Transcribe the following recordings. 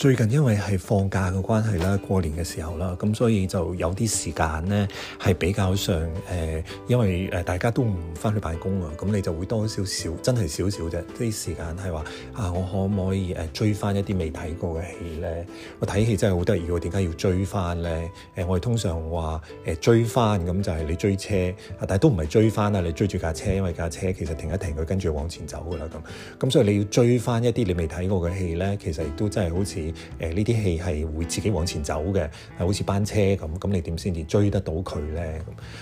最近因為係放假嘅關係啦，過年嘅時候啦，咁所以就有啲時間咧係比較上誒、呃，因為誒大家都唔翻去辦公啊，咁你就會多少少，真係少少啫啲時間係話啊，我可唔可以誒追翻一啲未睇過嘅戲咧？我睇戲真係好得意喎，點解要追翻咧？誒、呃，我哋通常話誒、呃、追翻咁就係你追車啊，但係都唔係追翻啊，你追住架車，因為架車其實停一停佢跟住往前走噶啦咁，咁所以你要追翻一啲你未睇過嘅戲咧，其實亦都真係好似～誒呢啲戲係會自己往前走嘅，係好似班車咁，咁你點先至追得到佢咧？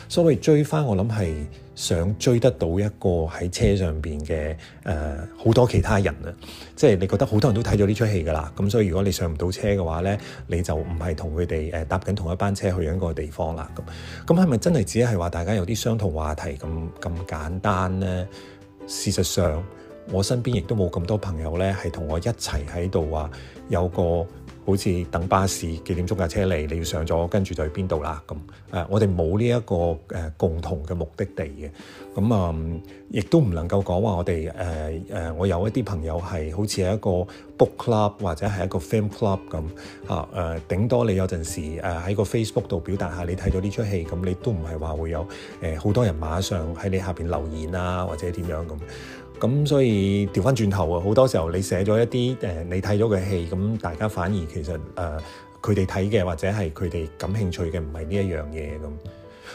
所以追翻，我諗係想追得到一個喺車上邊嘅誒好多其他人啊，即係你覺得好多人都睇咗呢出戲噶啦，咁所以如果你上唔到車嘅話咧，你就唔係同佢哋誒搭緊同一班車去一個地方啦。咁咁係咪真係只係話大家有啲相同話題咁咁簡單咧？事實上。我身邊亦都冇咁多朋友咧，係同我一齊喺度話有個好似等巴士幾點鐘架車嚟，你要上咗跟住就去邊度啦咁。誒、呃，我哋冇呢一個誒、呃、共同嘅目的地嘅。咁啊、呃，亦都唔能夠講話我哋誒誒，我有一啲朋友係好似係一個 book club 或者係一個 film club 咁啊。誒、呃，頂多你有陣時誒喺、呃、個 Facebook 度表達下你睇咗呢出戲，咁你都唔係話會有誒好、呃、多人馬上喺你下邊留言啊，或者點樣咁。咁所以調翻轉頭啊！好多時候你寫咗一啲誒、呃，你睇咗嘅戲，咁大家反而其實誒佢哋睇嘅或者係佢哋感興趣嘅，唔係呢一樣嘢咁。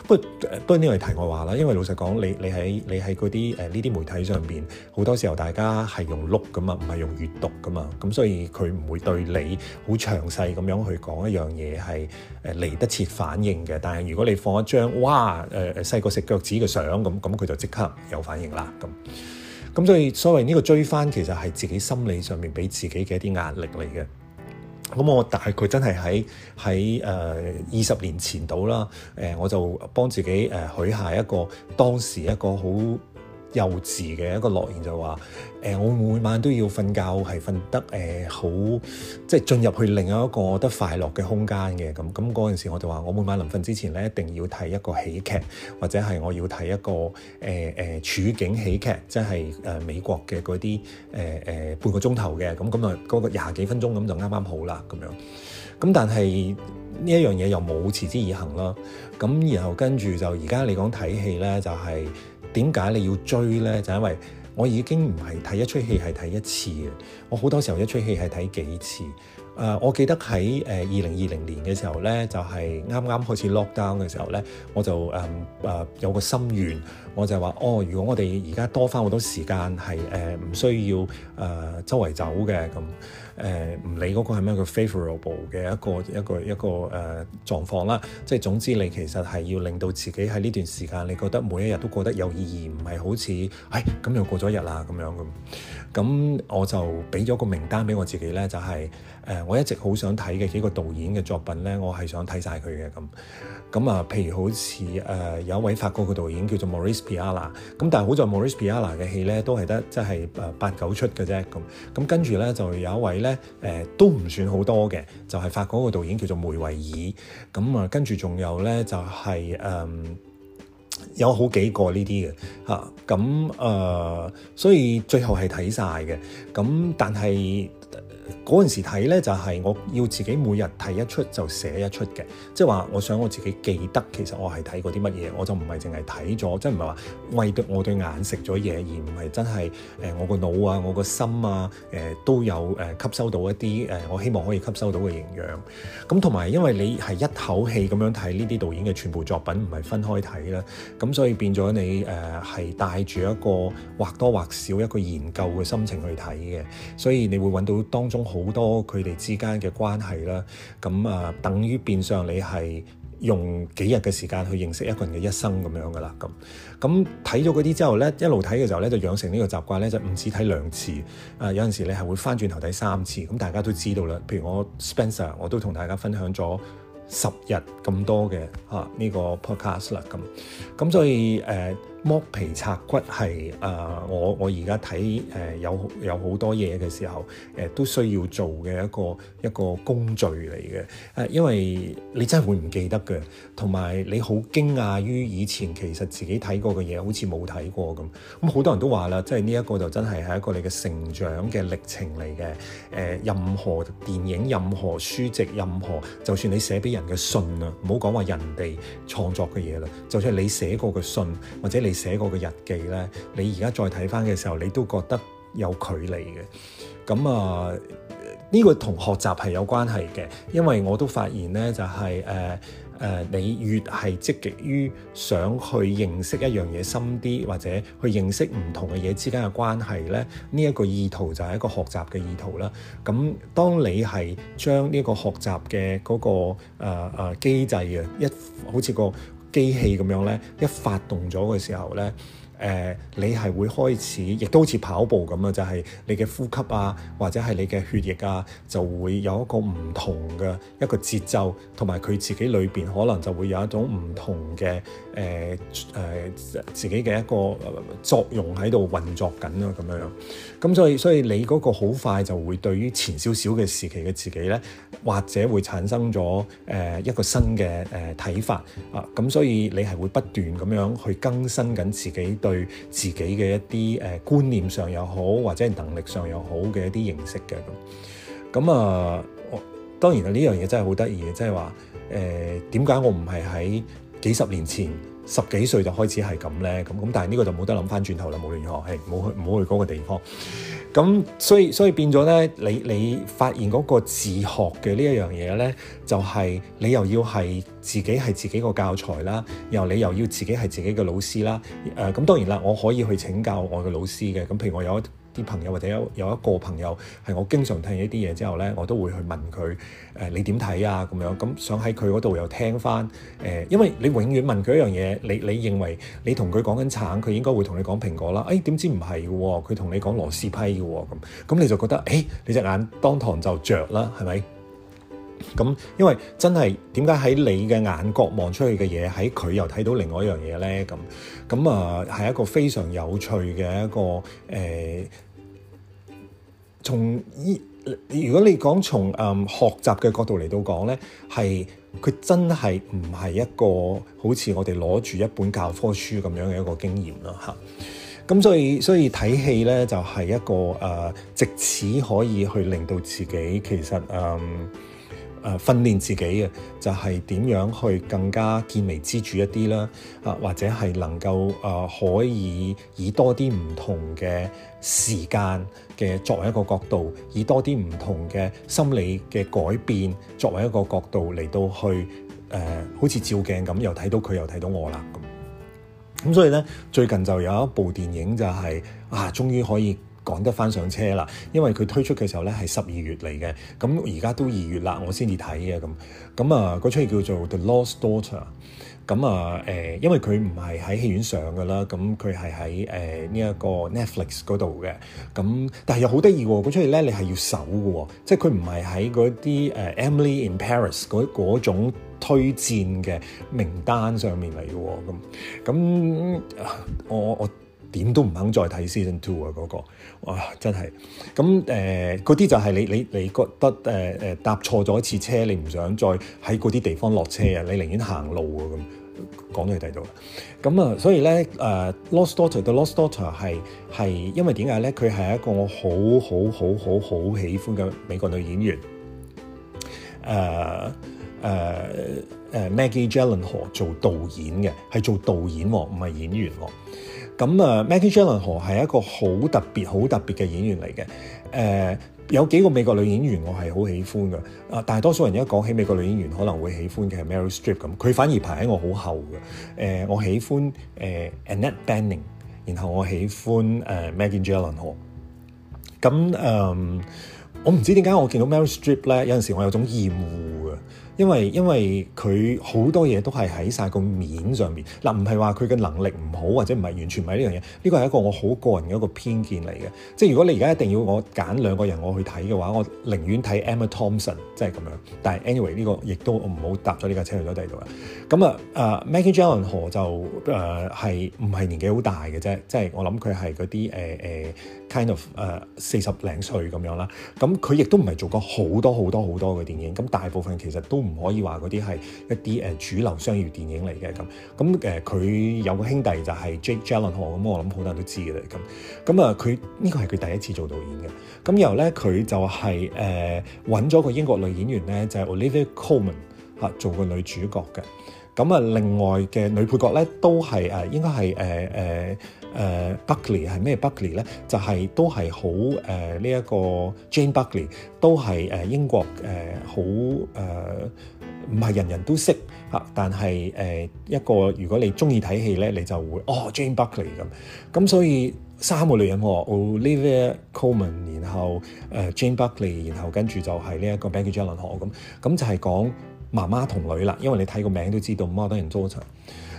不過不過呢樣嘢題外話啦，因為老實講，你你喺你喺嗰啲誒呢啲媒體上邊，好多時候大家係用碌噶嘛，唔係用閲讀噶嘛，咁、嗯、所以佢唔會對你好詳細咁樣去講一樣嘢係誒嚟得切反應嘅。但係如果你放一張哇誒誒、呃、細個食腳趾嘅相咁，咁佢就即刻有反應啦咁。咁所以所謂呢個追翻，其實係自己心理上面俾自己嘅一啲壓力嚟嘅。咁我大概真係喺喺誒二十年前度啦。誒、呃，我就幫自己誒、呃、許下一個當時一個好，幼稚嘅一個諾言就話：，誒、呃，我每晚都要瞓覺，係瞓得誒、呃、好，即係進入去另一個我覺得快樂嘅空間嘅。咁咁嗰陣時，我就話：，我每晚臨瞓之前咧，一定要睇一個喜劇，或者係我要睇一個誒誒處境喜劇，即係誒、呃、美國嘅嗰啲誒誒半個鐘頭嘅。咁咁啊，嗰、那個廿幾分鐘咁就啱啱好啦。咁樣，咁但係呢一樣嘢又冇持之以恒啦。咁然後跟住就而家你講睇戲咧，就係。點解你要追呢？就因為我已經唔係睇一出戲係睇一次嘅，我好多時候一出戲係睇幾次。誒、呃，我記得喺誒二零二零年嘅時候呢，就係啱啱開始 lockdown 嘅時候呢，我就誒誒、呃呃、有個心願。我就話：哦，如果我哋而家多翻好多時間係誒唔需要誒、呃、周圍走嘅咁。誒唔、呃、理嗰個係咩叫 favorable 嘅一個一個一個誒、呃、狀況啦，即係總之你其實係要令到自己喺呢段時間，你覺得每一日都過得有意義，唔係好似誒咁又過咗一日啦咁樣咁。咁我就俾咗個名單俾我自己咧，就係、是、誒、呃、我一直好想睇嘅幾個導演嘅作品咧，我係想睇晒佢嘅咁。咁啊，譬如好似誒、呃、有一位法國嘅導演叫做 Maurice Piala，咁但係好在 Maurice Piala 嘅戲咧都係得即係誒八九出嘅啫咁。咁跟住咧就有一位，咧，誒、呃、都唔算好多嘅，就係、是、法國個導演叫做梅維爾，咁、嗯、啊，跟住仲有咧，就係、是、誒、嗯、有好幾個呢啲嘅嚇，咁、啊、誒、嗯呃，所以最後係睇晒嘅，咁、嗯、但係。嗰陣時睇咧就係我要自己每日睇一出就寫一出嘅，即係話我想我自己記得其實我係睇過啲乜嘢，我就唔係淨係睇咗，即係唔係話餵對我對眼食咗嘢，而唔係真係誒我個腦啊，我個心啊誒都有誒吸收到一啲誒我希望可以吸收到嘅營養。咁同埋因為你係一口氣咁樣睇呢啲導演嘅全部作品，唔係分開睇啦，咁所以變咗你誒係帶住一個或多或少一個研究嘅心情去睇嘅，所以你會揾到當中好多佢哋之間嘅關係啦，咁啊，等於變相你係用幾日嘅時間去認識一個人嘅一生咁樣噶啦，咁咁睇咗嗰啲之後咧，一路睇嘅時候咧，就養成呢個習慣咧，就唔止睇兩次，啊有陣時你係會翻轉頭睇三次，咁大家都知道啦。譬如我 Spencer，我都同大家分享咗十日咁多嘅啊呢個 podcast 啦，咁咁所以誒。呃剝皮拆骨係誒、呃、我我而家睇誒有有好多嘢嘅時候誒、呃、都需要做嘅一個一個工序嚟嘅誒因為你真係會唔記得嘅，同埋你好驚訝於以前其實自己睇過嘅嘢好似冇睇過，咁、嗯。咁好多人都話啦，即係呢一個就真係係一個你嘅成長嘅歷程嚟嘅誒任何電影、任何書籍、任何就算你寫俾人嘅信啊，唔好講話人哋創作嘅嘢啦，就算係你寫過嘅信或者你。寫過嘅日記咧，你而家再睇翻嘅時候，你都覺得有距離嘅。咁啊，呢個同學習係有關係嘅，因為我都發現咧，就係誒誒，你越係積極於想去認識一樣嘢深啲，或者去認識唔同嘅嘢之間嘅關係咧，呢一個意圖就係一個學習嘅意圖啦。咁當你係將呢個學習嘅嗰個誒誒機制啊，一好似個。機器咁樣咧，一發動咗嘅時候咧，誒、呃，你係會開始，亦都好似跑步咁啊！就係、是、你嘅呼吸啊，或者係你嘅血液啊，就會有一個唔同嘅一個節奏，同埋佢自己裏邊可能就會有一種唔同嘅。誒誒、呃呃，自己嘅一個作用喺度運作緊啦，咁樣樣。咁所以所以你嗰個好快就會對於前少少嘅時期嘅自己咧，或者會產生咗誒、呃、一個新嘅誒睇法啊。咁所以你係會不斷咁樣去更新緊自己對自己嘅一啲誒觀念上又好，或者係能力上又好嘅一啲認識嘅。咁啊、呃，當然啊，呢樣嘢真係好得意嘅，即係話誒點解我唔係喺？幾十年前，十幾歲就開始係咁咧，咁咁，但係呢個就冇得諗翻轉頭啦，無論如何，係冇去冇去嗰個地方。咁所以所以變咗咧，你你發現嗰個自學嘅呢一樣嘢咧，就係、是、你又要係自己係自己個教材啦，然後你又要自己係自己嘅老師啦。誒、呃，咁當然啦，我可以去請教我嘅老師嘅。咁譬如我有一啲朋友或者有有一個朋友，係我經常聽呢啲嘢之後咧，我都會去問佢誒、呃、你點睇啊，咁樣，咁想喺佢嗰度又聽翻誒、呃，因為你永遠問佢一樣嘢，你你認為你同佢講緊橙，佢應該會同你講蘋果啦。誒、哎、點知唔係嘅喎，佢同你講螺絲批嘅喎，咁，咁你就覺得誒、欸、你隻眼當堂就着啦，係咪？咁，因為真係點解喺你嘅眼角望出去嘅嘢，喺佢又睇到另外一樣嘢咧？咁咁啊，係、呃、一個非常有趣嘅一個誒、呃。從依如果你講從誒、嗯、學習嘅角度嚟到講咧，係佢真係唔係一個好似我哋攞住一本教科書咁樣嘅一個經驗啦，嚇。咁所以所以睇戲咧，就係、是、一個誒，藉、呃、此可以去令到自己其實誒。嗯誒、呃、訓練自己嘅就係、是、點樣去更加見微知著一啲啦，啊、呃、或者係能夠誒、呃、可以以多啲唔同嘅時間嘅作為一個角度，以多啲唔同嘅心理嘅改變作為一個角度嚟到去誒、呃，好似照鏡咁又睇到佢又睇到我啦咁。咁所以呢，最近就有一部電影就係、是、啊，終於可以，趕得翻上車啦，因為佢推出嘅時候咧係十二月嚟嘅，咁而家都二月啦，我先至睇嘅咁，咁啊嗰出戲叫做 The Lost Daughter。咁啊誒、呃，因為佢唔係喺戲院上㗎啦，咁佢係喺誒呢一個 Netflix 嗰度嘅，咁但係又好得意喎，嗰出戲咧你係要搜嘅，即係佢唔係喺嗰啲誒 Emily in Paris 嗰種推薦嘅名單上面嚟嘅喎，咁咁我我。我點都唔肯再睇 season two 啊！嗰、嗰個哇，真係咁誒嗰啲就係你你你覺得誒誒、呃、搭錯咗一次車，你唔想再喺嗰啲地方落車啊？你寧願行路啊！咁講都係度到咁啊，所以咧誒、呃《Lost Daughter da》對《Lost Daughter》係係因為點解咧？佢係一個我好好好好好喜歡嘅美國女演員誒誒誒，Maggie Gyllenhaal 做導演嘅，係做導演唔係演員喎。咁啊、嗯、，Maggie Gyllenhaal 係一個好特別、好特別嘅演員嚟嘅。誒、呃，有幾個美國女演員我係好喜歡嘅。啊，大多數人一講起美國女演員可能會喜歡嘅係 Meryl Streep 咁、嗯，佢反而排喺我好後嘅。誒、呃，我喜歡誒、呃、Annette Bening 然後我喜歡誒、呃、Maggie Gyllenhaal 咁誒，我唔知點解我見到 Meryl Streep 咧，有陣時我有種厭惡嘅。因為因為佢好多嘢都係喺晒個面上面嗱，唔係話佢嘅能力唔好或者唔係完全唔係呢樣嘢，呢個係一個我好個人嘅一個偏見嚟嘅。即係如果你而家一定要我揀兩個人我去睇嘅話，我寧願睇 Emma Thompson，即係咁樣，但係 anyway 呢個亦都唔好搭咗呢架車去咗第二度啦。咁、嗯、啊啊 Maggie Johnson 何就誒係唔係年紀好大嘅啫？即係我諗佢係嗰啲誒誒 kind of 誒四十零歲咁樣啦。咁佢亦都唔係做過好多好多好多嘅電影，咁大部分其實都。唔可以話嗰啲係一啲誒主流商業電影嚟嘅咁，咁誒佢有個兄弟就係 Jake Gyllenhaal 咁我諗好多人都知嘅啦咁，咁啊佢呢個係佢第一次做導演嘅，咁然後咧佢就係誒揾咗個英國女演員咧就係、是、Olivia Colman e、呃、嚇做個女主角嘅，咁、呃、啊另外嘅女配角咧都係誒、呃、應該係誒誒。呃呃誒、uh, Buckley 係咩 Buckley 咧？就係、是、都係好誒呢一個 Jane Buckley 都係誒、呃、英國誒好誒，唔、呃、係、呃、人人都識嚇、啊，但係誒、呃、一個如果你中意睇戲咧，你就會哦 Jane Buckley 咁。咁、嗯、所以三個女人 Olivia Colman，e 然後誒、呃、Jane Buckley，然後跟住就係呢一個名叫 Gyllenhaal 咁。咁、嗯嗯、就係、是、講媽媽同女啦，因為你睇個名都知道 Mother and Daughter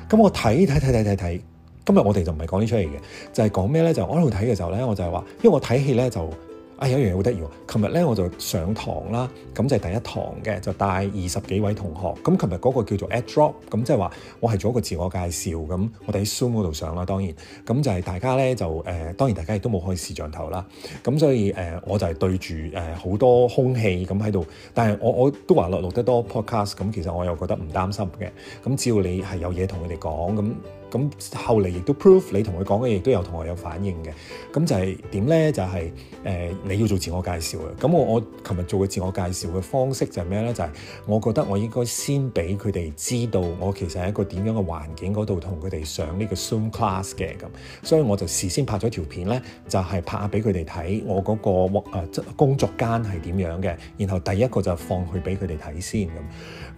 咁我睇睇睇睇睇睇。看看看看看看。今日我哋就唔係講呢出嚟嘅，就係講咩咧？就是、我喺度睇嘅時候咧，我就係話，因為我睇戲咧就，啊、哎、有樣嘢好得意喎！琴日咧我就上堂啦，咁就係第一堂嘅，就帶二十幾位同學。咁琴日嗰個叫做 Add Drop，咁即係話我係做一個自我介紹。咁我哋喺 Zoom 嗰度上啦，當然，咁就係大家咧就誒、呃，當然大家亦都冇開視像頭啦。咁所以誒、呃，我就係對住誒好多空氣咁喺度。但係我我都話落錄得多 Podcast，咁其實我又覺得唔擔心嘅。咁只要你係有嘢同佢哋講咁。咁後嚟亦都 proof 你同佢講嘅亦都有同學有反應嘅。咁就係點咧？就係、是、誒、呃，你要做自我介紹啊！咁我我琴日做嘅自我介紹嘅方式就係咩咧？就係、是、我覺得我應該先俾佢哋知道，我其實係一個點樣嘅環境嗰度同佢哋上呢個 Zoom class 嘅咁。所以我就事先拍咗條片咧，就係、是、拍下俾佢哋睇我嗰個工作間係點樣嘅。然後第一個就放去俾佢哋睇先咁。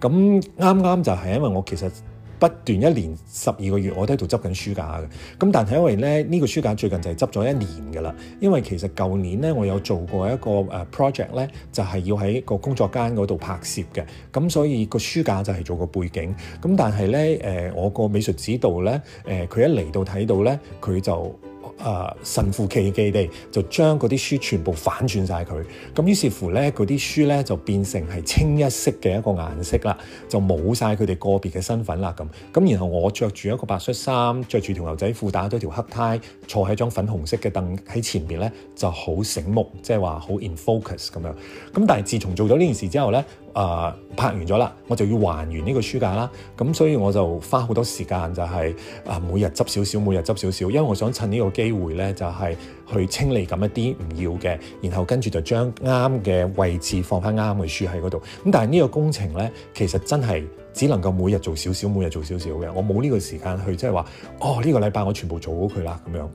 咁啱啱就係因為我其實。不斷一年十二個月，我都喺度執緊書架嘅。咁但係因為咧，呢個書架最近就係執咗一年㗎啦。因為其實舊年咧，我有做過一個誒 project 咧，就係要喺個工作間嗰度拍攝嘅。咁所以個書架就係做個背景。咁但係咧，誒我個美術指導咧，誒佢一嚟到睇到咧，佢就。誒、呃、神乎其技地就將嗰啲書全部反轉晒佢，咁於是乎咧嗰啲書咧就變成係清一色嘅一個顏色啦，就冇晒佢哋個別嘅身份啦咁。咁然後我着住一個白恤衫，着住條牛仔褲，打咗條黑呔。坐喺張粉紅色嘅凳喺前邊咧就好醒目，即係話好 in focus 咁樣。咁但係自從做咗呢件事之後咧，誒、呃、拍完咗啦，我就要還原呢個書架啦。咁所以我就花好多時間就係、是、啊每日執少少，每日執少少，因為我想趁個機呢個機會咧就係、是、去清理咁一啲唔要嘅，然後跟住就將啱嘅位置放翻啱嘅書喺嗰度。咁但係呢個工程咧其實真係。只能夠每日做少少，每日做少少嘅。我冇呢個時間去，即係話哦，呢個禮拜我全部做好佢啦咁樣。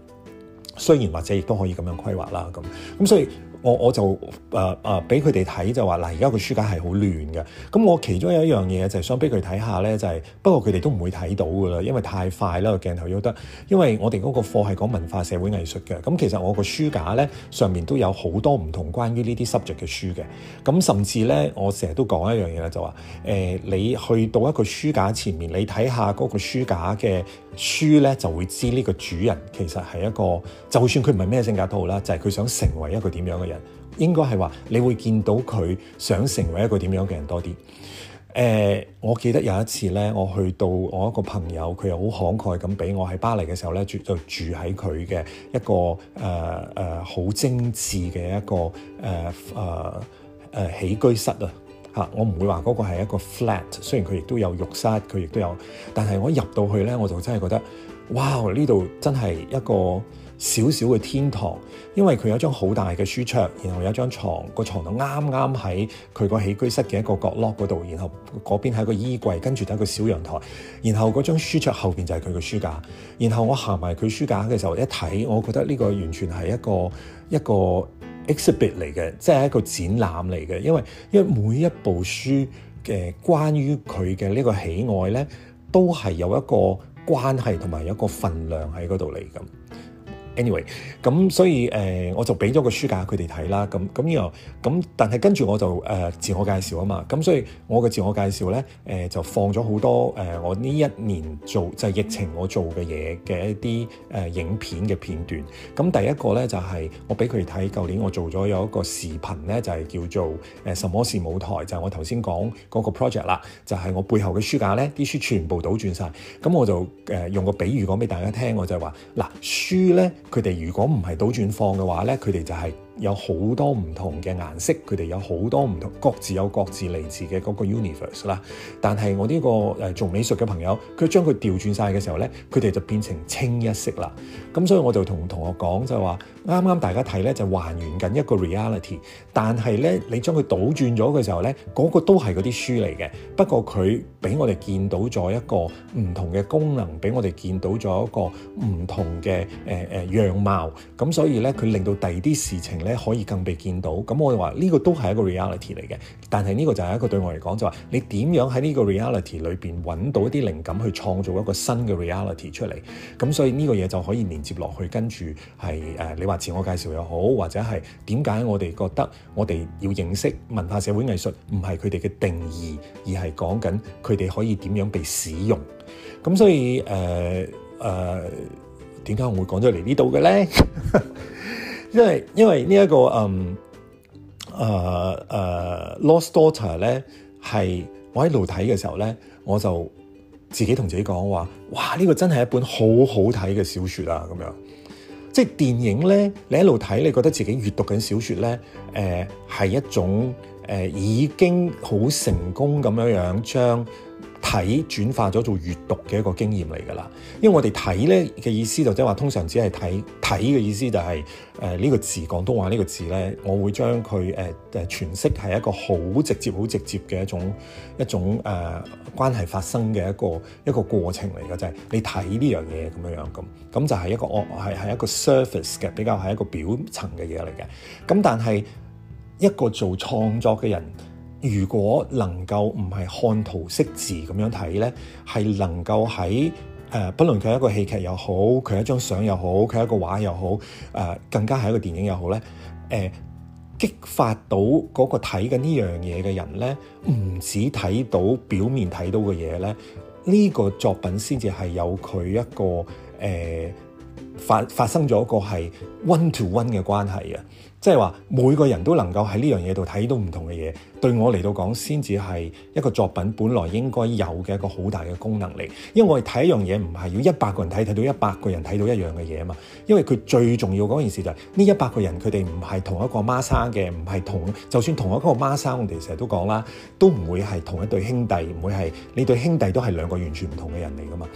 雖然或者亦都可以咁樣規劃啦，咁咁所以。我我就誒誒俾佢哋睇就話嗱，而家個書架係好亂嘅。咁我其中有一樣嘢就係想俾佢睇下咧，就係不過佢哋都唔會睇到噶啦，因為太快啦，個鏡頭要得。因為我哋嗰個課係講文化社會藝術嘅。咁其實我個書架咧上面都有好多唔同關於呢啲 subject 嘅書嘅。咁甚至咧，我成日都講一樣嘢咧，就話誒，你去到一個書架前面，你睇下嗰個書架嘅。書咧就會知呢個主人其實係一個，就算佢唔係咩性格都好啦，就係、是、佢想成為一個點樣嘅人，應該係話你會見到佢想成為一個點樣嘅人多啲。誒、呃，我記得有一次咧，我去到我一個朋友，佢又好慷慨咁俾我喺巴黎嘅時候咧住就住喺佢嘅一個誒誒好精緻嘅一個誒誒誒起居室啊。嚇！我唔會話嗰個係一個 flat，雖然佢亦都有浴室，佢亦都有。但係我入到去呢，我就真係覺得，哇！呢度真係一個小小嘅天堂，因為佢有一張好大嘅書桌，然後有一張牀，個牀度啱啱喺佢個起居室嘅一個角落嗰度，然後嗰邊係個衣櫃，跟住就係個小陽台，然後嗰張書桌後邊就係佢個書架，然後我行埋佢書架嘅時候一睇，我覺得呢個完全係一個一個。一個 exhibit 嚟嘅，即係一個展覽嚟嘅，因為因為每一部書嘅關於佢嘅呢個喜愛咧，都係有一個關係同埋有一個份量喺嗰度嚟咁。anyway，咁所以誒、呃，我就俾咗個書架佢哋睇啦，咁咁然後咁，但係跟住我就誒、呃、自我介紹啊嘛，咁所以我嘅自我介紹咧，誒、呃、就放咗好多誒、呃、我呢一年做就係、是、疫情我做嘅嘢嘅一啲誒、呃、影片嘅片段。咁第一個咧就係、是、我俾佢哋睇，舊年我做咗有一個視頻咧，就係、是、叫做誒什麼是舞台，就係、是、我頭先講嗰個 project 啦，就係、是、我背後嘅書架咧，啲書全部倒轉晒。咁我就誒、呃、用個比喻講俾大家聽，我就係話嗱書咧。佢哋如果唔係倒轉放嘅話咧，佢哋就係、是，有好多唔同嘅顏色，佢哋有好多唔同，各自有各自嚟自嘅個 universe 啦。但係我呢、呢個誒、呃、做美術嘅朋友，佢將佢調轉晒嘅時候咧，佢哋就變成清一色啦。咁所以我就同同學講就係話，啱啱大家睇咧就還原緊一個 reality，但係咧，你將佢倒轉咗嘅時候咧，嗰個都係啲書嚟嘅。不過佢俾我哋見到咗一個唔同嘅功能，俾我哋見到咗一個唔同嘅誒誒樣貌。咁所以咧，佢令到第二啲事情，咧可以更被見到。咁我哋話呢個都係一個 reality 嚟嘅，但係呢個就係一個對我嚟講就話、是、你點樣喺呢個 reality 裏邊揾到一啲靈感去創造一個新嘅 reality 出嚟，咁所以呢個嘢就可以連接落去，跟住係誒你話自我介紹又好，或者係點解我哋覺得我哋要認識文化社會藝術，唔係佢哋嘅定義，而係講緊佢哋可以點樣被使用，咁所以誒誒點解我會講咗嚟呢度嘅呢？ 因為因、這、為、個 um, uh, uh, 呢一個嗯誒誒 Lost Daughter 咧係我喺度睇嘅時候咧，我就自己同自己講話：哇！呢、這個真係一本好好睇嘅小說啊！咁樣，即係電影咧，你一路睇，你覺得自己閱讀緊小說咧，誒、呃、係一種誒、呃、已經好成功咁樣樣將，睇轉化咗做閱讀嘅一個經驗嚟㗎啦，因為我哋睇咧嘅意思就即係話，通常只係睇，睇嘅意思就係誒，呢個字廣東話呢個字咧，我會將佢誒誒詮釋係一個好直接、好直接嘅一種一種誒、呃、關係發生嘅一個一個過程嚟㗎，就係、是、你睇呢樣嘢咁樣樣咁，咁就係一個我係係一個 surface 嘅比較係一個表層嘅嘢嚟嘅，咁但係一個做創作嘅人。如果能夠唔係看圖識字咁樣睇咧，係能夠喺誒、呃，不論佢係一個戲劇又好，佢係一張相又好，佢係一個畫又好，誒更加係一個電影又好咧，誒、呃、激發到嗰個睇緊呢樣嘢嘅人咧，唔止睇到表面睇到嘅嘢咧，呢、呢個作品先至係有佢一個誒、呃、發發生咗一個係 one to one 嘅關係嘅。即係話每個人都能夠喺呢樣嘢度睇到唔同嘅嘢，對我嚟到講先至係一個作品本來應該有嘅一個好大嘅功能嚟。因為我哋睇一樣嘢唔係要一百個人睇，睇到一百個人睇到一樣嘅嘢啊嘛。因為佢最重要嗰件事就係呢一百個人佢哋唔係同一個孖生嘅，唔係同，就算同一個孖生，我哋成日都講啦，都唔會係同一對兄弟，唔會係你對兄弟都係兩個完全唔同嘅人嚟噶嘛。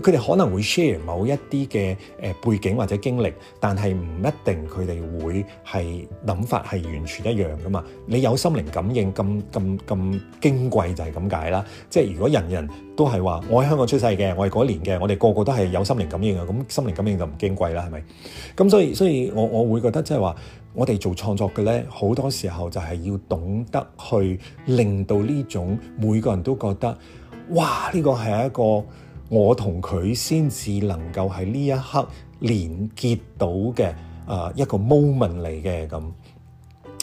佢哋可能會 share 某一啲嘅誒背景或者經歷，但係唔一定佢哋會係諗法係完全一樣㗎嘛。你有心靈感應咁咁咁矜貴就係咁解啦。即係如果人人都係話我喺香港出世嘅，我係嗰年嘅，我哋個個都係有心靈感應嘅，咁心靈感應就唔矜貴啦，係咪？咁所以所以我我會覺得即係話我哋做創作嘅咧，好多時候就係要懂得去令到呢種每個人都覺得哇！呢個係一個～我同佢先至能夠喺呢一刻連結到嘅，誒一個 moment 嚟嘅咁。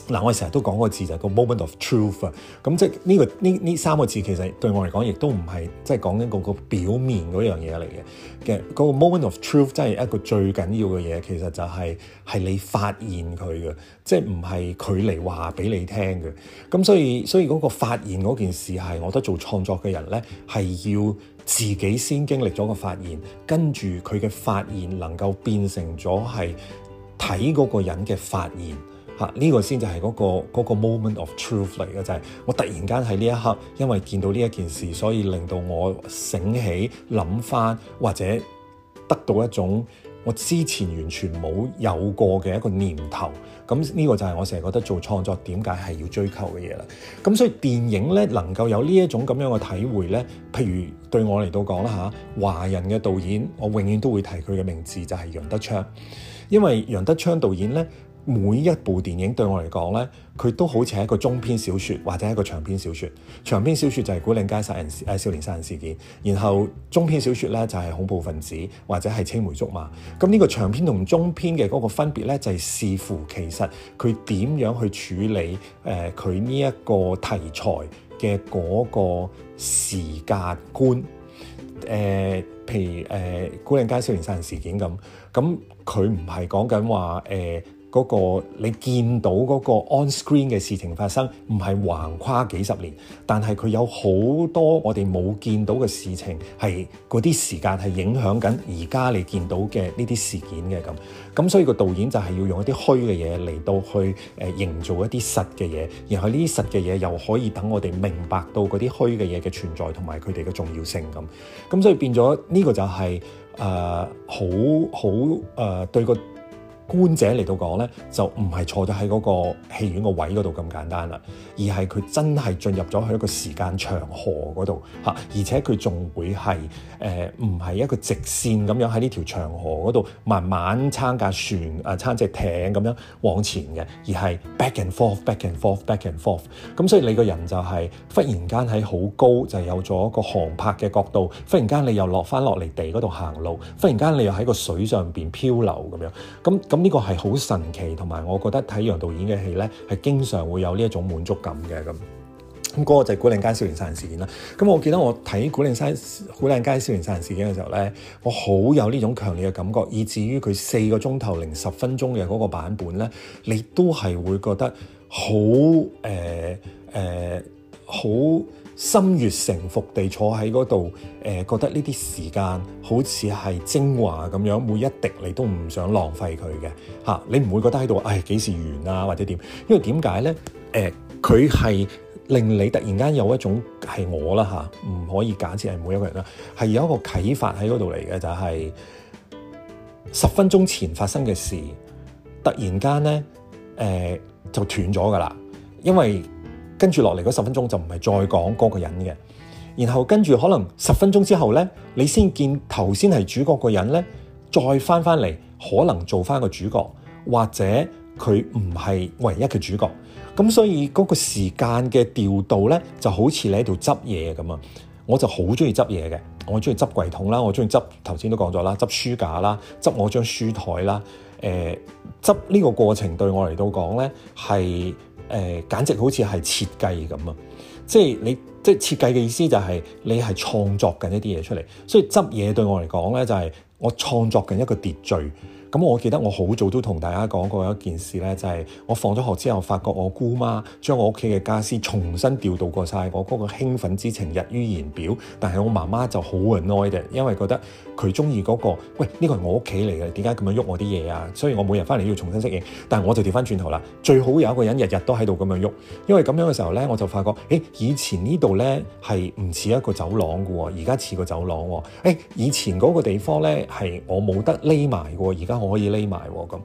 嗱、啊，我成日都講、就是、個字就係個 moment of truth 啊，咁、嗯、即係呢、這個呢呢三個字其實對我嚟講亦都唔係即係講緊個表面嗰樣嘢嚟嘅嘅，嗰個 moment of truth 真係一個最緊要嘅嘢，其實就係、是、係你發現佢嘅，即係唔係佢嚟話俾你聽嘅。咁、嗯、所以所以嗰個發現嗰件事係，我覺得做創作嘅人咧係要自己先經歷咗個發現，跟住佢嘅發現能夠變成咗係睇嗰個人嘅發現。呢個先就係嗰個嗰個 moment of truth 嚟嘅，就係、是、我突然間喺呢一刻，因為見到呢一件事，所以令到我醒起，諗翻或者得到一種我之前完全冇有有過嘅一個念頭。咁呢個就係我成日覺得做創作點解係要追求嘅嘢啦。咁所以電影呢，能夠有呢一種咁樣嘅體會呢？譬如對我嚟到講啦嚇，華人嘅導演，我永遠都會提佢嘅名字，就係、是、楊德昌，因為楊德昌導演呢。每一部電影對我嚟講咧，佢都好似係一個中篇小説或者一個長篇小説。長篇小説就係《牯嶺街殺人》誒《少年殺人事件》，然後中篇小説咧就係、是、恐怖分子或者係青梅竹馬。咁呢個長篇同中篇嘅嗰個分別咧，就係、是、視乎其實佢點樣去處理誒佢呢一個題材嘅嗰個時間觀、呃。譬如誒、呃《牯嶺街少年殺人事件》，咁，咁佢唔係講緊話誒。嗰個你見到嗰個 on screen 嘅事情發生，唔係橫跨幾十年，但係佢有好多我哋冇見到嘅事情，係嗰啲時間係影響緊而家你見到嘅呢啲事件嘅咁。咁所以個導演就係要用一啲虛嘅嘢嚟到去誒、呃、營造一啲實嘅嘢，然後呢啲實嘅嘢又可以等我哋明白到嗰啲虛嘅嘢嘅存在同埋佢哋嘅重要性咁。咁所以變咗呢個就係、是、誒、呃、好好誒、呃、對個。觀者嚟到講咧，就唔係坐咗喺嗰個戲院個位嗰度咁簡單啦，而係佢真係進入咗去一個時間長河嗰度嚇，而且佢仲會係誒唔係一個直線咁樣喺呢條長河嗰度慢慢撐架船啊撐隻艇咁樣往前嘅，而係 back and forth，back and forth，back and forth。咁所以你個人就係忽然間喺好高就有咗一個航拍嘅角度，忽然間你又落返落嚟地嗰度行路，忽然間你又喺個水上邊漂流咁樣，咁咁。呢個係好神奇，同埋我覺得睇楊導演嘅戲咧，係經常會有呢一種滿足感嘅咁。咁嗰、那個就係、是《牯嶺街少年殺人事件》啦。咁我記得我睇《牯嶺街牯嶺街少年殺人事件》嘅時候咧，我好有呢種強烈嘅感覺，以至於佢四個鐘頭零十分鐘嘅嗰個版本咧，你都係會覺得好誒誒好。呃呃心悅誠服地坐喺嗰度，誒、呃、覺得呢啲時間好似係精華咁樣，每一滴你都唔想浪費佢嘅嚇，你唔會覺得喺度，唉、哎、幾時完啊或者點？因為點解咧？誒佢係令你突然間有一種係我啦嚇，唔可以假設係每一個人啦係有一個啟發喺嗰度嚟嘅，就係、是、十分鐘前發生嘅事，突然間咧誒、呃、就斷咗噶啦，因為。跟住落嚟嗰十分鐘就唔係再講嗰個人嘅，然後跟住可能十分鐘之後呢，你先見頭先係主角嗰個人呢，再翻翻嚟可能做翻個主角，或者佢唔係唯一嘅主角。咁所以嗰個時間嘅調度呢，就好似你喺度執嘢咁啊！我就好中意執嘢嘅，我中意執櫃桶啦，我中意執頭先都講咗啦，執書架啦，執我張書枱啦，誒、呃，執呢個過程對我嚟到講呢，係。誒簡直好似係設計咁啊！即係你即係設計嘅意思就係你係創作緊一啲嘢出嚟，所以執嘢對我嚟講呢就係我創作緊一個秩序。咁我記得我好早都同大家講過一件事咧，就係、是、我放咗學之後，發覺我姑媽將我屋企嘅家私重新調度過晒。我嗰個興奮之情溢於言表。但係我媽媽就好 annoyed 唔開嘅，因為覺得佢中意嗰個，喂呢個係我屋企嚟嘅，點解咁樣喐我啲嘢啊？所以，我每日翻嚟要重新適應。但係我就調翻轉頭啦，最好有一個人日日都喺度咁樣喐，因為咁樣嘅時候咧，我就發覺，誒、欸、以前呢度咧係唔似一個走廊嘅喎，而家似個走廊喎。誒、欸、以前嗰個地方咧係我冇得匿埋嘅喎，而家。我可以匿埋咁，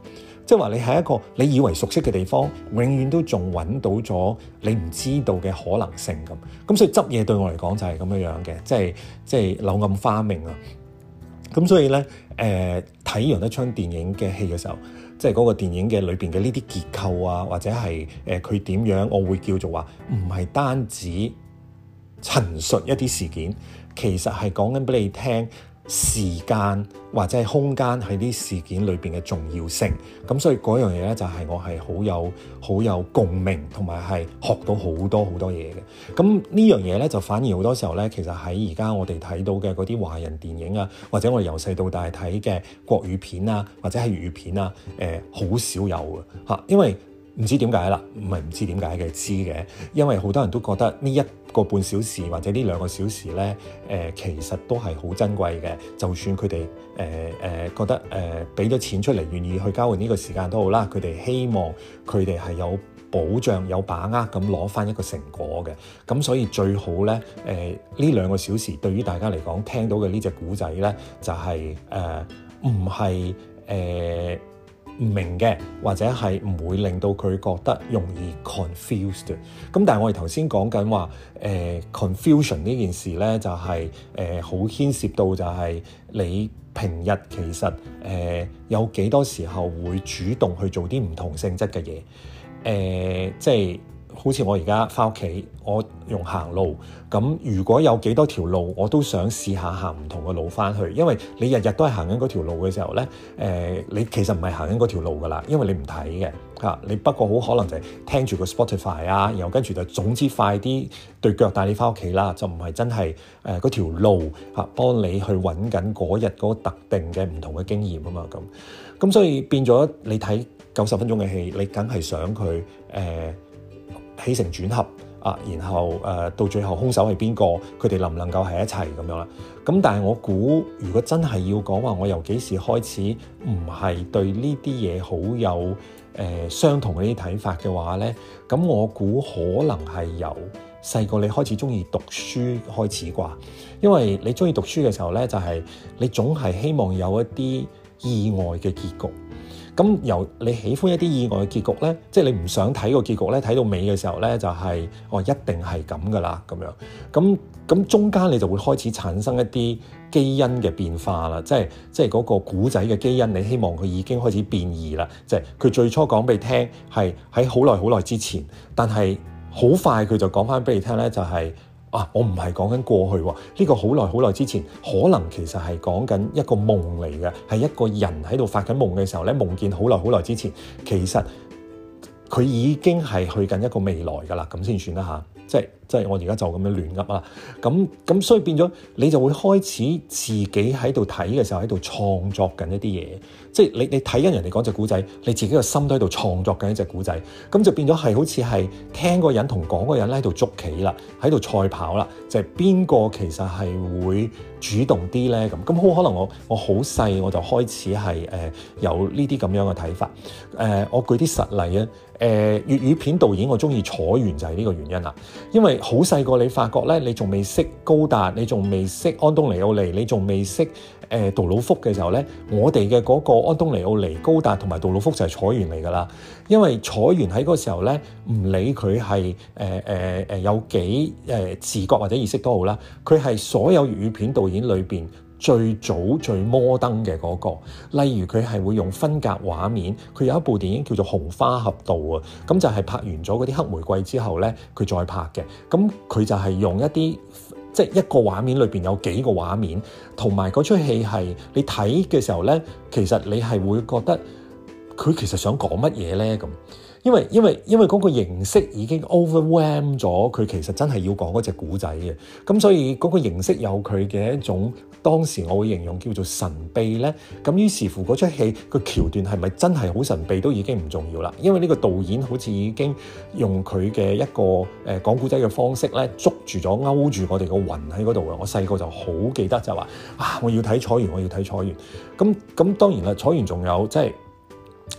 即係話你喺一個你以為熟悉嘅地方，永遠都仲揾到咗你唔知道嘅可能性咁。咁所以執嘢對我嚟講就係咁樣樣嘅，即係即係柳暗花明啊！咁所以咧，誒睇楊德昌電影嘅戲嘅時候，即係嗰個電影嘅裏邊嘅呢啲結構啊，或者係誒佢點樣，我會叫做話唔係單止陳述一啲事件，其實係講緊俾你聽。時間或者係空間喺啲事件裏邊嘅重要性，咁所以嗰樣嘢咧就係、是、我係好有好有共鳴，同埋係學到好多好多嘢嘅。咁呢樣嘢咧就反而好多時候咧，其實喺而家我哋睇到嘅嗰啲華人電影啊，或者我哋由細到大睇嘅國語片啊，或者係粵語片啊，誒、呃、好少有嘅嚇，因為唔知點解啦，唔係唔知點解嘅，知嘅，因為好多人都覺得呢一個半小時或者呢兩個小時呢，誒、呃、其實都係好珍貴嘅。就算佢哋誒誒覺得誒俾咗錢出嚟，願意去交換呢個時間都好啦。佢哋希望佢哋係有保障、有把握咁攞返一個成果嘅。咁所以最好呢，誒、呃、呢兩個小時對於大家嚟講聽到嘅呢隻古仔呢，就係誒唔係誒。呃唔明嘅，或者係唔會令到佢覺得容易 confused。咁但係我哋頭先講緊話，誒、呃、confusion 呢件事咧，就係誒好牽涉到就係你平日其實誒、呃、有幾多時候會主動去做啲唔同性質嘅嘢，誒、呃、即係。好似我而家翻屋企，我用行路。咁如果有幾多條路，我都想試下行唔同嘅路翻去。因為你日日都係行緊嗰條路嘅時候咧，誒、呃，你其實唔係行緊嗰條路噶啦，因為你唔睇嘅嚇。你不過好可能就係聽住個 Spotify 啊，然後跟住就總之快啲對腳帶你翻屋企啦，就唔係真係誒嗰條路嚇、啊、幫你去揾緊嗰日嗰個特定嘅唔同嘅經驗嘛啊嘛咁。咁所以變咗你睇九十分鐘嘅戲，你梗係想佢誒。呃起承轉合啊，然後誒、啊、到最後兇手係邊個，佢哋能唔能夠喺一齊咁樣啦？咁、嗯、但係我估，如果真係要講話，我由幾時開始唔係對呢啲嘢好有誒、呃、相同嘅啲睇法嘅話咧，咁、嗯、我估可能係由細個你開始中意讀書開始啩，因為你中意讀書嘅時候咧，就係、是、你總係希望有一啲意外嘅結局。咁由你喜歡一啲意外嘅結局咧，即係你唔想睇個結局咧，睇到尾嘅時候咧就係，哦，一定係咁噶啦咁樣。咁咁中間你就會開始產生一啲基因嘅變化啦，即係即係嗰個古仔嘅基因，你希望佢已經開始變異啦，即係佢最初講俾你聽係喺好耐好耐之前，但係好快佢就講翻俾你聽咧就係。啊！我唔係講緊過去喎，呢個好耐好耐之前，可能其實係講緊一個夢嚟嘅，係一個人喺度發緊夢嘅時候咧，夢見好耐好耐之前，其實佢已經係去緊一個未來噶啦，咁先算啦吓，即係即係我而家就咁樣亂噏啦。咁咁所以變咗，你就會開始自己喺度睇嘅時候喺度創作緊一啲嘢。即係你你睇緊人哋講隻古仔，你自己個心都喺度創作緊一隻古仔，咁就變咗係好似係聽嗰個人同講嗰人喺度捉棋啦，喺度賽跑啦，就係邊個其實係會主動啲咧咁？咁好可能我我好細我就開始係誒、呃、有呢啲咁樣嘅睇法，誒、呃、我舉啲實例啊。誒粵語片導演，我中意楚原就係呢個原因啦。因為好細個，你發覺咧，你仲未識高達，你仲未識安東尼奧尼，你仲未識誒杜魯福嘅時候咧，我哋嘅嗰個安東尼奧尼、高達同埋杜魯福就係楚原嚟噶啦。因為楚原喺嗰個時候咧，唔理佢係誒誒誒有幾誒自覺或者意識都好啦，佢係所有粵語片導演裏邊，最早最摩登嘅嗰個，例如佢係會用分格畫面，佢有一部電影叫做《紅花俠盜》啊，咁就係拍完咗嗰啲黑玫瑰之後咧，佢再拍嘅，咁佢就係用一啲即係一個畫面裏邊有幾個畫面，同埋嗰出戲係你睇嘅時候咧，其實你係會覺得佢其實想講乜嘢咧咁。因為因為因為嗰個形式已經 overwhelm 咗，佢其實真係要講嗰隻古仔嘅，咁、嗯、所以嗰個形式有佢嘅一種當時我會形容叫做神秘咧，咁、嗯、於是乎嗰出戲個橋段係咪真係好神秘都已經唔重要啦，因為呢個導演好似已經用佢嘅一個誒講古仔嘅方式咧捉住咗勾住我哋個魂喺嗰度嘅，我細個就好記得就話、係、啊我要睇楚原，我要睇楚原，咁咁、嗯嗯嗯、當然啦，楚原仲有即係。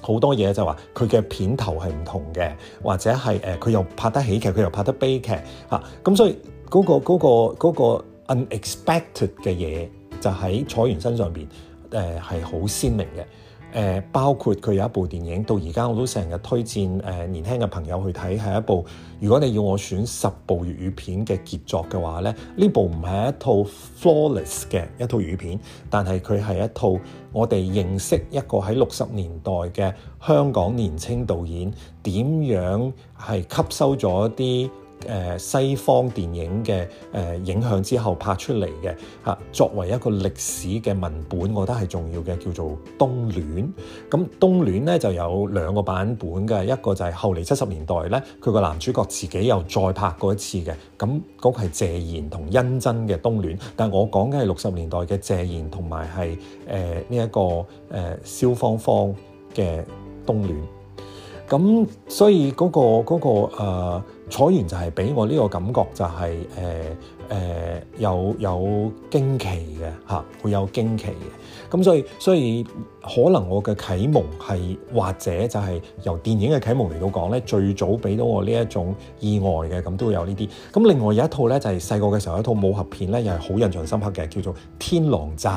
好多嘢就係話佢嘅片頭係唔同嘅，或者係誒佢又拍得喜劇，佢又拍得悲劇嚇，咁、啊、所以嗰個嗰個嗰個 unexpected 嘅嘢就喺彩雲身上邊誒係好鮮明嘅。呃、包括佢有一部電影，到而家我都成日推薦誒、呃、年輕嘅朋友去睇，係一部如果你要我選十部粵語片嘅傑作嘅話咧，呢部唔係一套 flawless 嘅一套粵語片，但係佢係一套我哋認識一個喺六十年代嘅香港年青導演點樣係吸收咗一啲，誒西方電影嘅誒影響之後拍出嚟嘅嚇，作為一個歷史嘅文本，我覺得係重要嘅，叫做《冬戀》東戀。咁《冬戀》咧就有兩個版本嘅，一個就係後嚟七十年代咧，佢個男主角自己又再拍過一次嘅。咁嗰、那個係謝賢同殷真嘅《冬戀》，但係我講嘅係六十年代嘅謝賢同埋係誒呢一個誒、呃、蕭芳芳嘅《冬戀》。咁所以嗰、那個嗰、那個呃楚完就係俾我呢個感覺，就是，就係誒誒有有驚奇嘅嚇，會有驚奇嘅。咁所以，所以可能我嘅啟蒙係或者就係由電影嘅啟蒙嚟到講咧，最早俾到我呢一種意外嘅，咁都會有呢啲。咁另外有一套咧，就係細個嘅時候有一套武俠片咧，又係好印象深刻嘅，叫做《天狼寨》。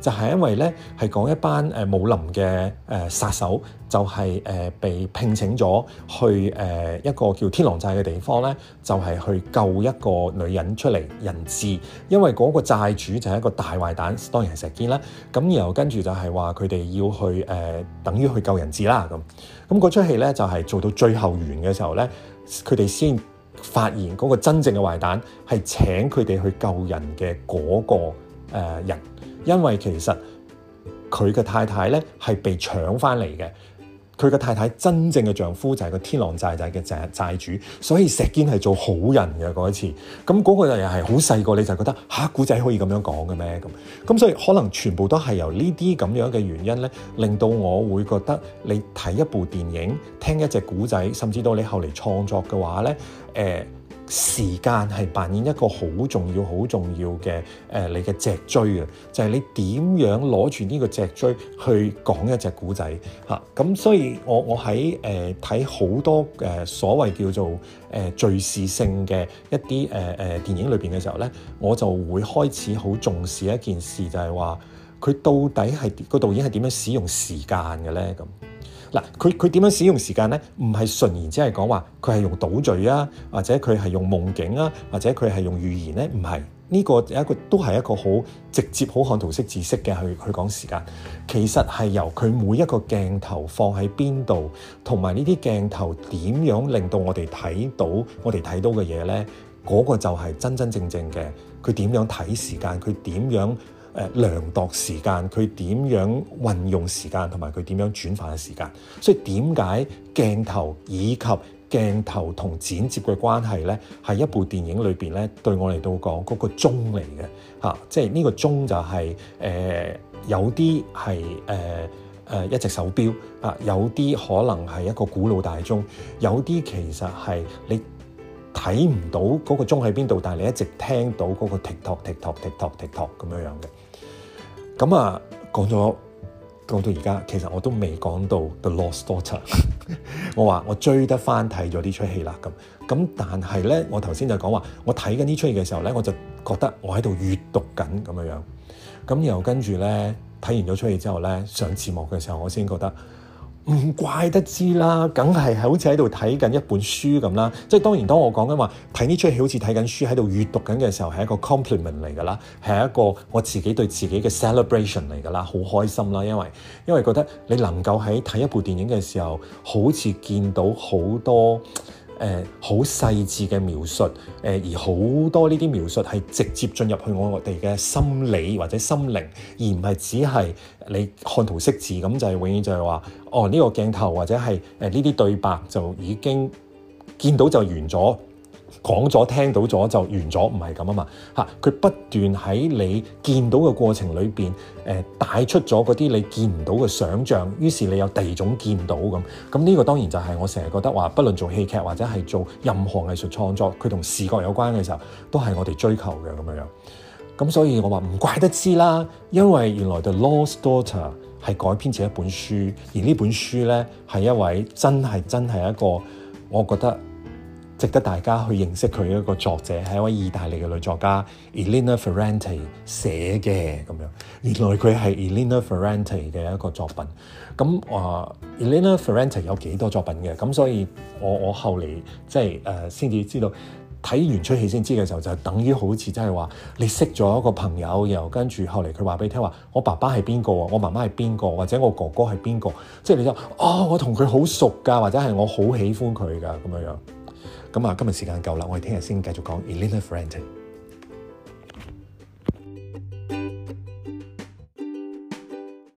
就係、是、因為咧，係講一班誒武林嘅誒殺手、就是，就係誒被聘請咗去誒、呃、一個叫天狼寨嘅地方咧，就係、是、去救一個女人出嚟人質，因為嗰個寨主就係一個大壞蛋，當然係石堅啦。咁、嗯。然後跟住就係話佢哋要去誒、呃，等於去救人質啦咁。咁嗰出戲咧就係、是、做到最後完嘅時候咧，佢哋先發現嗰個真正嘅壞蛋係請佢哋去救人嘅嗰、那個、呃、人，因為其實佢嘅太太咧係被搶翻嚟嘅。佢嘅太太真正嘅丈夫就係個天狼寨寨嘅寨主，所以石堅係做好人嘅嗰一次。咁嗰個人又係好細個，你就覺得吓，古仔可以咁樣講嘅咩？咁咁所以可能全部都係由呢啲咁樣嘅原因咧，令到我會覺得你睇一部電影、聽一隻古仔，甚至到你後嚟創作嘅話咧，誒、呃。時間係扮演一個好重要、好重要嘅誒、呃，你嘅脊椎啊，就係、是、你點樣攞住呢個脊椎去講一隻古仔嚇。咁、啊、所以我，我我喺誒睇好多誒、呃、所謂叫做誒敘、呃、事性嘅一啲誒誒電影裏邊嘅時候咧，我就會開始好重視一件事，就係話佢到底係、嗰個導演係點樣使用時間嘅咧咁。嗱，佢佢點樣使用時間咧？唔係純然只係講話，佢係用倒敘啊，或者佢係用夢境啊，或者佢係用語言咧？唔係，呢、這個一個都係一個好直接、好看圖式知識嘅去去講時間。其實係由佢每一個鏡頭放喺邊度，同埋呢啲鏡頭點樣令到我哋睇到我哋睇到嘅嘢咧，嗰、那個就係真真正正嘅佢點樣睇時間，佢點樣。誒量度時間，佢點樣運用時間，同埋佢點樣轉化嘅時間。所以點解鏡頭以及鏡頭同剪接嘅關係咧，喺一部電影裏邊咧，對我嚟到講嗰個鐘嚟嘅嚇，即係呢個鐘就係、是、誒、呃、有啲係誒誒一隻手錶啊，有啲可能係一個古老大鐘，有啲其實係你。睇唔到嗰個鐘喺邊度，但係你一直聽到嗰個 tick tock tick tock tick tock tick tock 咁樣樣嘅。咁啊，講咗講到而家，其實我都未講到 The Lost Daughter 我話我追得翻睇咗呢出戲啦。咁咁，但係咧，我頭先就講話，我睇緊呢出戲嘅時候咧，我就覺得我喺度閲讀緊咁樣樣。咁然後跟住咧，睇完咗出戲之後咧，上字幕嘅時候，我先覺得。唔怪得知啦，梗係好似喺度睇緊一本書咁啦。即係當然，當我講緊話睇呢出戲好似睇緊書喺度閲讀緊嘅時候，係一個 compliment 嚟噶啦，係一個我自己對自己嘅 celebration 嚟噶啦，好開心啦，因為因為覺得你能夠喺睇一部電影嘅時候，好似見到好多。誒好、呃、細緻嘅描述，誒、呃、而好多呢啲描述係直接進入去我哋嘅心理或者心靈，而唔係只係你看圖識字咁就係永遠就係話，哦呢、呢個鏡頭或者係誒呢啲對白就已經見到就完咗。講咗聽到咗就完咗，唔係咁啊嘛嚇！佢不斷喺你見到嘅過程裏邊，誒、呃、帶出咗嗰啲你見唔到嘅想像，於是你有第二種見到咁。咁呢個當然就係我成日覺得話，不論做戲劇或者係做任何藝術創作，佢同視覺有關嘅時候，都係我哋追求嘅咁樣樣。咁所以我話唔怪得知啦，因為原來《The Lost Daughter》係改編自一本書，而呢本書咧係一位真係真係一個，我覺得。值得大家去認識佢一個作者，係一位意大利嘅女作家 Elena Ferrante 寫嘅咁樣。原來佢係 Elena Ferrante 嘅一個作品咁啊。Uh, Elena Ferrante 有幾多作品嘅咁，所以我我後嚟即係誒先至知道睇完出戲先知嘅時候，就等於好似真係話你識咗一個朋友，然後跟住後嚟佢話俾你聽話我爸爸係邊個，我媽媽係邊個，或者我哥哥係邊個，即係你就哦，我同佢好熟噶，或者係我好喜歡佢噶咁樣。咁啊，今日時間夠啦，我哋聽日先繼續講 Elena Ferrante。